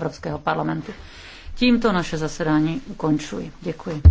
Evropského parlamentu. Tímto naše zasedání ukončuji. Děkuji.